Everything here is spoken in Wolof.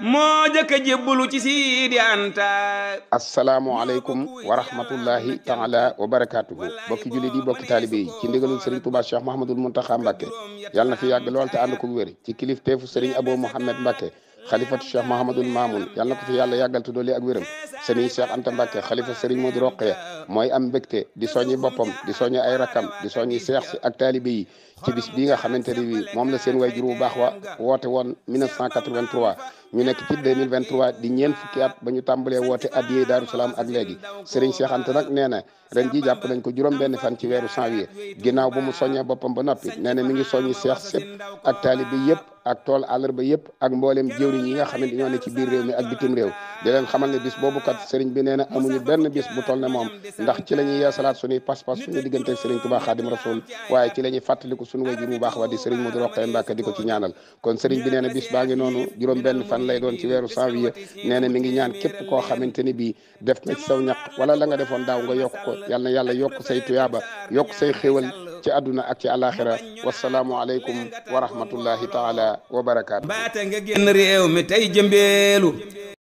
moo jëkk a jébbalu ci Sidi Anta asalaamualeykum wa rahmatullahi taala wa barakaatuhu bokki jullit yi bokki taalibe yi ci ndigalul Serigne Touba Cheikh Mouhamadoul Mountakha Mbacké yàlla na fi yàgg lool te ànd ko wér ci kilifteefu Serigne Abo Mouhamed Mbacké xalifatu Cheikh Mouhamadoul Mamoun yàlla na ko fi yàlla yàggal te doole ak wéram sëriñ Cheikh Anta Mbacke xalifa sëriñ Modou Rokhaya mooy am mbégte di soññi boppam di soññi ay rakkam di soññi seex si ak taalibe yi ci bis bii nga xamante ne bii moom la seen waajur bu baax wa woote woon 1983 ñu nekk ci 2023 di ñeen fukki at ba ñu tàmbalee woote addiyee Daaru Salaam ak léegi sëriñ Cheikh Anta nag nee na ren ji jàpp nañ ko juróom benn fan ci weeru janvier ginnaaw bu mu soñee boppam ba noppi nee na mi ngi soññi seex sépp ak taalibe yëpp ak tool àllarba yëpp ak mboolem jëwriñ yi nga xam ne ñoo ne ci biir réew mi ak bitim réew di leen xamal ne bis boobu kat sëriñ bi nee amuñu benn bis bu toll ne moom ndax ci la ñuy yeesalaat suñuy pas-pas suñu diggante ak sëriñ Tuubaa Xaadim Rasuul waaye ci la ñuy fàttaliku suñu wajur bu baax wa di sëriñ Modou Rokhaya Mbacké di ko ci ñaanal kon sëriñ bi nee na bis baa ngi noonu juróom benn fan lay doon ci weeru janvier nee na mi ngi ñaan képp koo xamante ni bii def na ci saw la nga defoon daaw nga yokk ko yàlla na yàlla yokk say tuyaaba yokk say xéwal ci àdduna ak ci àllaaxira wasalaamu aleykum wa rahmatullahi taala wa barakaatu. baata nga génn réew mi tey jëmbeelu.